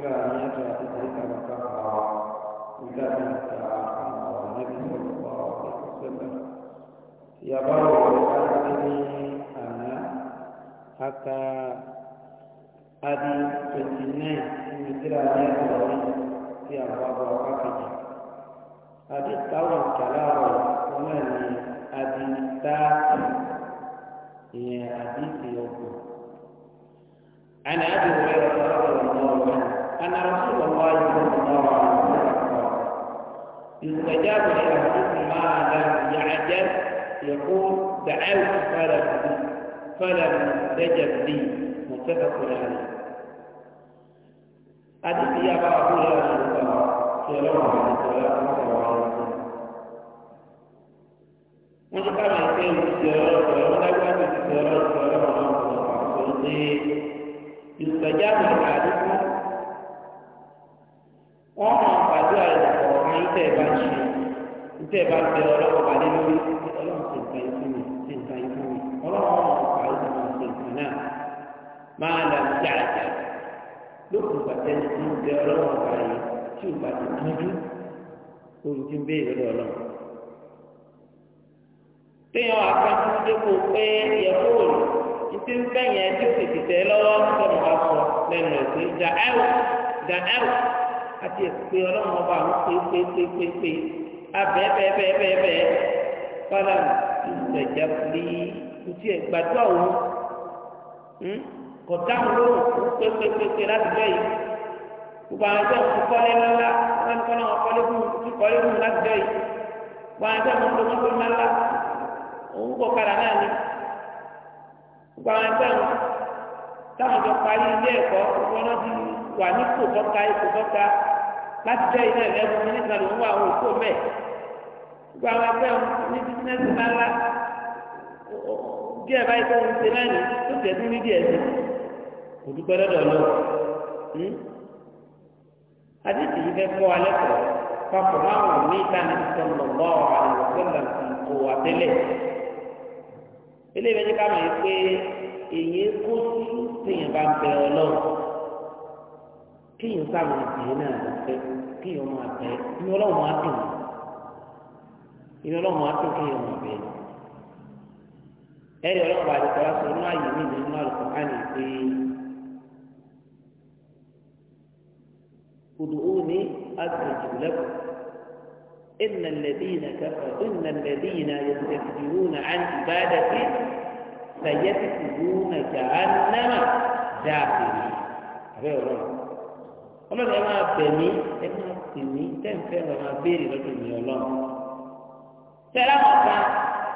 kíra àyájọ àti tàríkà bàbá àwọn ìdájọ́ àti àwọn ànábì sọ̀rọ̀ ọ̀rọ̀ ìṣẹ̀lẹ̀. Ìyàbá ọ̀rọ̀ láti ní àná aka adi twenty nine ní kíra àyájọ ọ̀rọ̀ tí a bá bọ̀ pákàjì. Adi táwọn ìkàlá ọ̀rọ̀ wọn náà ní adi táàtì ìyẹn àdìsí ọgbọ̀n. عن ابي هريره رضي الله عنه أن رسول الله صلى الله عليه وسلم يستجاب لأهلكم ما لم يعجل يقول دعوت فلم فلم تجب لي متفق عليه حديث يا أبا هريرة رضي الله صلى الله عليه وسلم wọ́n ti káwọn ẹgbẹ́ ìṣẹ́ ọ̀rọ̀ sọ̀rọ̀ wọ́n dágbàdo ìṣẹ́ ọ̀rọ̀ sọ̀rọ̀ ọ̀rọ̀ sọ̀rọ̀ sọ̀rọ̀ pé ìṣèjáde àdúgbò wọ́n máa pàdé àìsàn ọ̀hán ìtẹ̀ bá ń ṣe ìtẹ̀ bá ń bẹ ọlọ́wọ́ pàdé lórí ọlọ́run ṣe nǹkan ìfún mi ṣe nǹkan ìfún mi ọlọ́run máa pa àìsàn máa ṣe nǹkan náà máa ní bẹ tí ò bá ti dúdú ti ń béèrè téèyàn pé yẹ fóònù ń bẹ̀yẹn àti èsìpé ọlọ́run ọba àwọn pépépépépé abẹ́ bẹ́ẹ̀bẹ́ẹ̀bẹ́ẹ̀ fọlá ìgbẹ̀jà fúlí kùtì ẹ̀gbàdúrà òun hmm? kọ̀dá lóhùn fún pépépépé láti bẹ́ẹ̀ yìí gbogbo àwọn ẹgbẹ́ òun kọ́lé lọ́la wọ́n ní kọ́lé wọn kọ́lé fún un kọ́lé fún un láti bẹ́ẹ̀ yìí gbogbo àwọn ẹgbẹ́ òun tó wọ́n lọ́la òun kọ́ kára náà ni gbogbo àwọn ẹgbẹ́ òun táwọn jọ parí ilé ẹ̀kọ́ gbogbo wà ní kò bọ́ta ikò bọ́ta láti jẹ́ iná ẹ̀lẹ́gùn mínísítà ló ń wà àwọn òkú mẹ́ gbogbo àwọn ẹgbẹ́ ní bísínẹ́sì ńláńlá díẹ̀ báyìí tó ń ṣe náà ní tó tẹ̀ sí ní díẹ̀ sí kò dúpẹ́ lọ́dọ̀ lọ. Hmm? àdìsí yìí fẹ́ kọ́ alẹ́ pọ̀ papọ̀ máwọn ní ìlànà ìsọ̀nà lọ́wọ́ àwọn ọ̀gbẹ́lẹ̀ kò wà tẹ́lẹ̀. eléyìí sa ma ti tẹ̀ náà lọ fẹ́ kéèyàn máa tẹ̀ lo ọlọ́run máa dùn inú ọlọ́run máa dùn kéèyàn ma bẹ̀ ẹ̀rí lo bá àdìsọ́ wá sọ inú ààyè mi nínú àlùkò ká ní pé ud'uni astajib lakum إن الذين كفروا إن الذين يستكبرون عن عبادتي سيدخلون جهنم داخلين. ọlọ́run ẹ máa bẹ̀ mí ẹ máa pè mí tẹ́ǹfẹ́ lọ máa béèrè lọ́dọ̀ mi ọlọ́run tẹ́lá wọn kan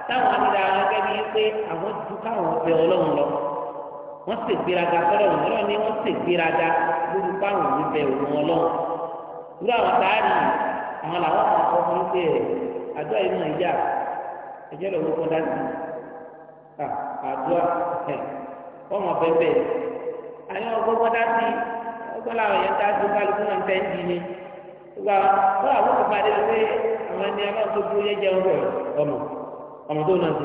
táwọn abúlé àwọn ẹgbẹ́ mi pé àwọn ju káwọn bẹ ọlọ́run lọ wọ́n sì gbéraga sọ́dọ̀run ọlọ́run ni wọ́n sì gbéraga lórí páwọn mi bẹ òun ọlọ́run irú àwọn táàrí àwọn làwọn kan kọ́ fún pé àdúrà yìí náà yà ẹjẹ́ lọ́wọ́ kọ́ dájú àdúrà ọmọ bẹ́ẹ̀ bẹ́ẹ̀ àyọ̀ kọ́lá àwọn èèyàn tá a dúró kálukú náà ń tẹ́ ń di ni wà kọ́ àwọn kò bá dé lọ pé àwọn ẹni àwọn tó dúró yẹn jẹun bọ̀ ọmọ ọmọ tó náà ti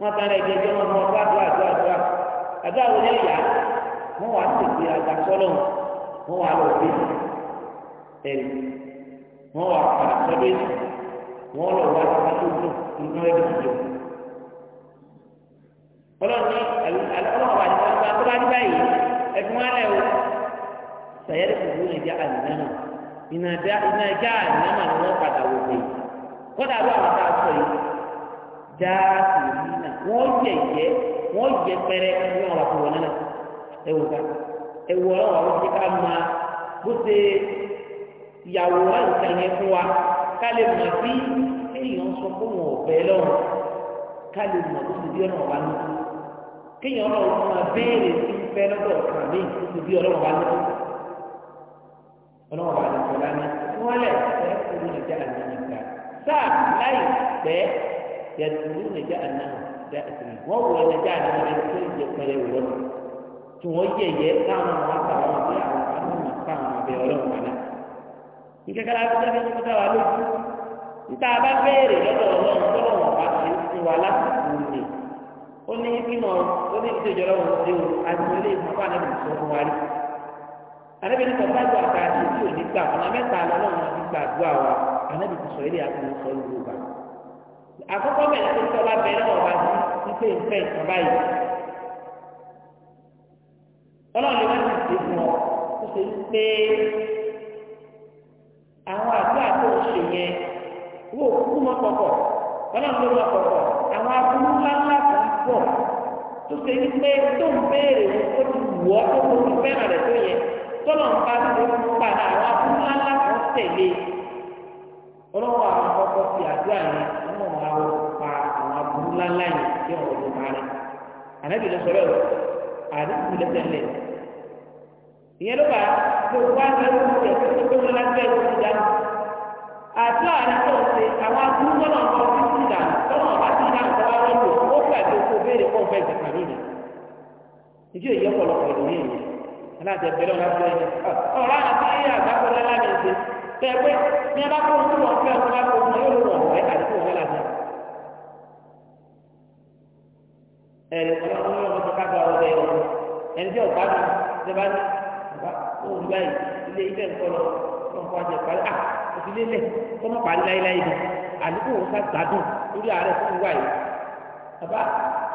wọ́n tán lẹ́yìn ẹjọ́ wọn mọ ọgbà àdúrà àdúrà àdúrà àdúrà wọn yẹn yá wọ́n wà á tètè àgbà sọ́lọ̀ wọ́n wà á lọ bí ẹ̀rì wọ́n wà á padà sọ́dọ̀ èsì wọ́n lọ wá sí tó dùn inú ẹ̀dọ̀ ìjọ. ọlọ́run ní àlọ́ sàyẹ́rì kòkó ní ìjà àdìyàmà ìnà ìjà àdìyàmà ni wọ́n padà wò pé kọ́dà ló àwọn tá a sọ yìí dáa sí ìlú náà wọ́n yẹ ìjẹ́ wọ́n yẹ pẹrẹ ní àwọn àkùnrin náà ẹ wò ká ẹ wò ọ̀rọ̀ àwọn tí ká máa bó ṣe ìyàwó wa nǹkan yẹn fún wa ká lè mọ̀ bí kéèyàn sọ fún wọn ọ̀fẹ́ lọ́rùn ká lè mọ̀ bó ṣe bí ọ̀nà wa nù kéèyàn lọ́wọ́ máa béèrè sí fẹ́ lọ́dọ̀ ọ̀kan mi bó ṣe bí ọ̀nà wa nù ọlọ́wọ́ bá lè sọ̀rọ̀ ní wọ́n lẹ̀ fẹ́ kúrú nìjà àná nìkan sáà láì pẹ́ yàtúrú nìjà àná dá ìsìn wọ́n wọ nìjà àná rẹ̀ tó yẹ pẹ̀lẹ́ wọ́n tí wọ́n yẹ yẹ káwọn ọmọ àgbà wọn bí àwọn àmọ́ káwọn ọbẹ̀ ọlọ́wọ́ wọn náà. ìkẹ́kẹ́lá tó dé ní kọ́tà wà lójú níta bá béèrè lọ́dọ̀ ọlọ́run tọ́lọ́wọ́ bá ti anabi ní kọfà gbọ àtàdé tí ò ní gbà fún wa mẹ́ta lọ́lọ́run àti gbàdúrà wa anabi ti sọ ilé àti sọ ìlú wa àkọ́kọ́ bẹ́ẹ̀ ni tó bá bẹ̀rẹ̀ ọba sí pé ń fẹ́ ìtàn báyìí ọlọ́run lè má ti ṣe fún ọ ó ṣe ń pé àwọn àdúrà tó ń ṣe yẹn wò kú mọ́ kọ̀kọ̀ ọlọ́run ló mọ́ kọ̀kọ̀ àwọn abúlé ńláńlá kan pọ̀ tó ṣe ń pé tó ń béèrè ó ti wù ọ́ tó kó fẹ́ràn rẹ̀ tó yẹ tọ́lọ̀ ń pa tó ń padà wá fún lálá tó ń tẹ̀lé ọlọ́wọ́ àwọn akọ́kọ́ fi àdúrà yẹn nínú àwọn pa àwọn aburú lálá yẹn tí ọ̀rọ̀ ló máa rẹ̀ ànábì ló sọ̀rọ̀ àdúgbò ló tẹ̀lé ìyẹn ló bá gbogbo àgbẹ̀wò ìjẹ́ tó tó tó lágbẹ́ ìwé ìdáná àdúrà rẹ̀ tó ń ṣe àwọn aburú tọ́lọ̀ ń bọ̀ sí ìdáná tọ́lọ̀ bá ti ìdáná tó wá lọ́dún ó gbàgbé kó béèrè kó fẹ́ ìjẹ̀kà lónìí ìjọ ìyẹ́pọ̀lọpọ̀ ìdílé yìí aláàtẹ̀ bẹ̀rẹ̀ wọn láti ẹ̀yìn ọ̀rọ̀ àti ẹ̀yà àgbàkọ̀lẹ̀ láti ẹ̀sẹ̀ tẹ̀ pé ní ẹ bá kó ojú wọn fẹ́ ọ̀sán bá kó ojú wọn yóò lò wọ̀n fẹ́ àdúgbò wọn láti ẹ̀rẹ̀ ọlọ́run yóò lọ́sọ̀ ká gba ọ̀rọ̀ ẹ̀rọ ẹni tí ọ̀gá mi ṣe bá ní ọ̀gá òun báyìí ilé ilé ẹ̀kọ́ lọ lọ́kọ́ àjẹ parí ah, à òsì lélẹ̀ tó mọ̀ parí láéláé ni àdúgbò wọn sá gbádùn lórí ààrẹ fún ìwà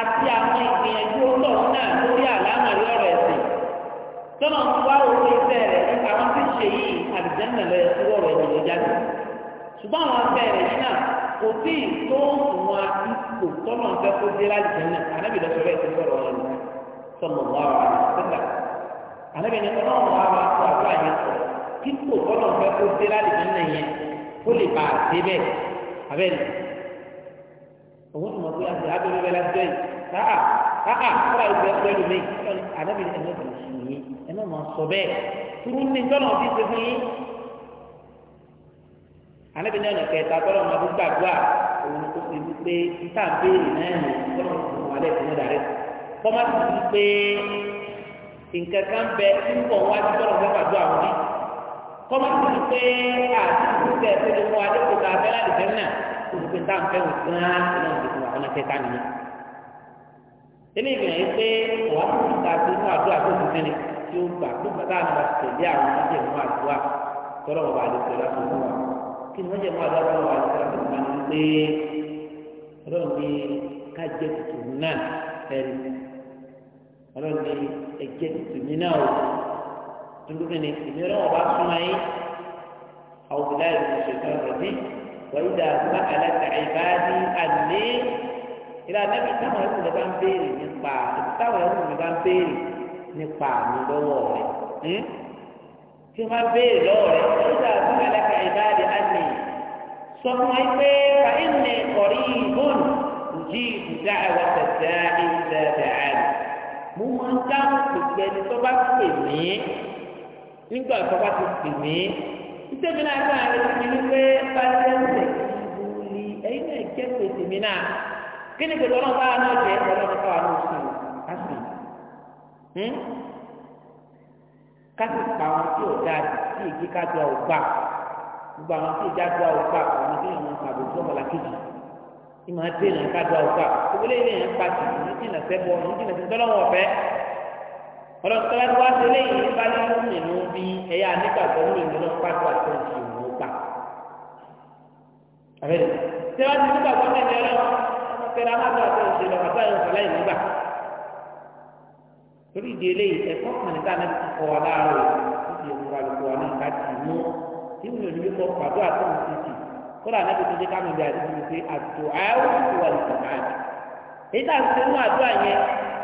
àti àwọn ìgbìyànjú ọ̀tọ̀ náà lórí àlámà lọ́rọ̀ ẹ̀sìn tọ́nà ń wá owó iṣẹ́ rẹ̀ nípa wọn ti ṣe yìí àlùjánnà lọ yẹ sí wọ̀rọ̀ ẹ̀yìn ló jáde ṣùgbọ́n àwọn afẹ́ rẹ̀ yìí náà kò tí ì tó wọn ipò tọ́nà ń fẹ́ kó dé lálùjánnà ànábì lọ sọ̀rọ̀ ẹ̀sìn wọ̀rọ̀ ẹ̀yìn lọ sọ̀nà wàrà sílà ànábì ní tọ́nà òun tó mọ̀ pé àti abẹ́rẹ́ bẹ́ẹ̀ láti dẹ́yìn káà káà kọ́ra ìgbẹ́ pẹ́lú mi ànábìrin ẹ̀mí ọ̀dọ̀ sùn yín ẹ má máa sọ bẹ́ẹ̀ turu ní tọ́nà ti ṣe fún yín ànábìrin ọ̀nà kẹta tọ́nà máa fi gbàdúrà òun kò sì wípé títà béèrè náà ní tọ́nà ìfún wa lẹ́sìn náà dàrẹ́ kọ́má sì wípé nǹkan kan bẹ tí ń bọ̀ wá sí kọ́má tó ti pé àti ìgbésẹ̀ tó lè mú adékòó ta abẹ́rẹ́ àdìsẹ́ náà tó ti pé tá à ń fẹ́ wò gán náà ti fún wa ọ̀nà tẹ́ta nìyẹn. ilé ìgbìyànjú yìí pé ọ̀wá tó ti ta sí inú àdúrà tó ti sẹ́ni tí ó gbà tó gbà táwọn ọba ti tẹ̀lé àwọn ọmọdé mú àdúrà tọ́lọ̀ ọba àdìsẹ́ láti fún wa kí ni wọ́n jẹ́ mú àdúrà tọ́lọ̀ ọba àdìsẹ́ láti fún wa ni pé ọlọ́ọ̀ni tuntun ni ìmíràn ọba súnmọ́ yín àwọn ìlà ìlú ṣètò ọ̀rọ̀dé wọ́n ìdá àgbà aláta ìbáàdì àlè ìlà nàbí táwọn ẹ̀kọ́ mi bá ń béèrè nípa táwọn ẹ̀kọ́ mi bá ń béèrè nípa mi lọ́wọ́ rẹ̀ tí wọ́n bá béèrè lọ́wọ́ rẹ̀ wọ́n ìdá àgbà aláta ìbáàdì àlè sọ fún wọn pé fa ìnẹ̀ kọ̀rí ìbọn ìjì ìdá àwọn nígbà tó bá ti pè mí nítorí náà bá a retí mi wípé bá a ti ń sè kí n ní ẹ̀yin náà jẹ́ pèsè mi náà kí ni pèsè ọlọ́run báwa náà jẹ́ ọlọ́run báwa náà sùn kásì kásì pa àwọn tí ò dáa sí èyí ká gba ọgbà gbogbo àwọn tí ìjà gba ọgbà àwọn tí ìwọn àbò tó ọmọlá kejì ìmọ̀ àti ìrìn ká ọgbà gbogbo eléyìí ń pa tì ní jìnnà sẹ́bọ̀ ní jìnnà sẹ́bọ̀ lọ́wọ́ ọlọ́sọ̀rọ̀ tó wá sí eléyìí nípa nínú nínú bí ẹ̀yà nígbàgbọ́ nínú lọ pàtó àti oṣù ìwò pa. àbẹ̀rẹ̀ tí wọ́n ti nígbàgbọ́ nínú ẹ̀rọ tẹ̀lé amátó àti oṣù ìlọ pàtó àyẹ̀wò sọ̀lá yìí nígbà. torí ìdí eléyìí ẹ̀kọ́ kan níta ní kọ̀ wá láàárọ̀ ìdí ìwúra lóko wà náà ká tì mú tí mi ò ní kọ́ pàtó àti oṣù ìtì kódà náà tó ti ká mi bí àti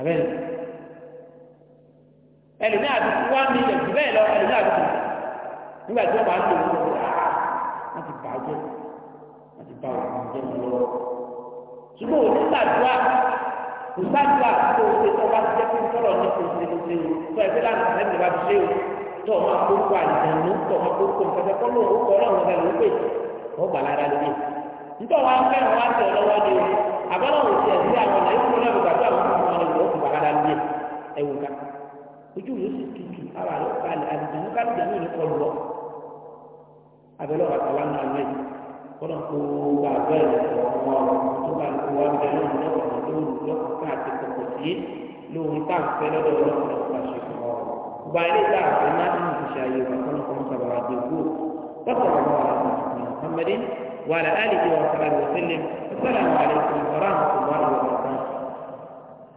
abẹ́rẹ́ ẹlòmí àdúgbò wá mi lẹ̀ jù bẹ́ẹ̀ lọ ẹlòmí àdúgbò nígbà tí wọ́n bá ń lò ó wọ́n ti bà á jẹ́ wọ́n ti bà á jẹ́ mi lọ́wọ́ ṣùgbọ́n òní gbàdúrà kò gbàdúrà kó o ṣe tó bá ti jẹ́ pé sọ̀rọ̀ ní kò ṣe ṣe o tó ẹgbẹ́ láti sẹ́ni bá ti ṣe o tó ọmọ akókò àjẹmú tó ọmọ akókò nǹkan tó kọ́ lóun ó kọ́ ọlọ́run ọ̀gá ló pè ó gbà lára lóye nígbà wà fẹ́ wà tẹ̀ lọ́wọ́ ni o àbálò wò tiẹ̀ sí àwọn ọ̀nà ìfúnná lọ́wọ́ gbàgbé àwọn ọmọ ọmọ rẹ̀ lọ́wọ́ bàkàdà lé ẹ̀wò ká ojú yóò sì tutù ara rẹ̀ kalẹ̀ àdìgbò kálí ìdáná ìlú kọlu lọ abẹ́lẹ́ wà tà lánàá lé kọ́nà kó wà bẹ́ẹ̀ ọmọ tó bá kó wà bẹ́ẹ̀ lọ́wọ́ lọ́wọ́ tó lù lọ́kọ̀ káàkiri kọ̀kọ̀ sí lórí táǹfẹ́ lọ́dọ̀ lọ́wọ́ lọ́wọ́ وبعدين تعرف ما وعلى آله وصحبه وسلم السلام عليكم ورحمة الله وبركاته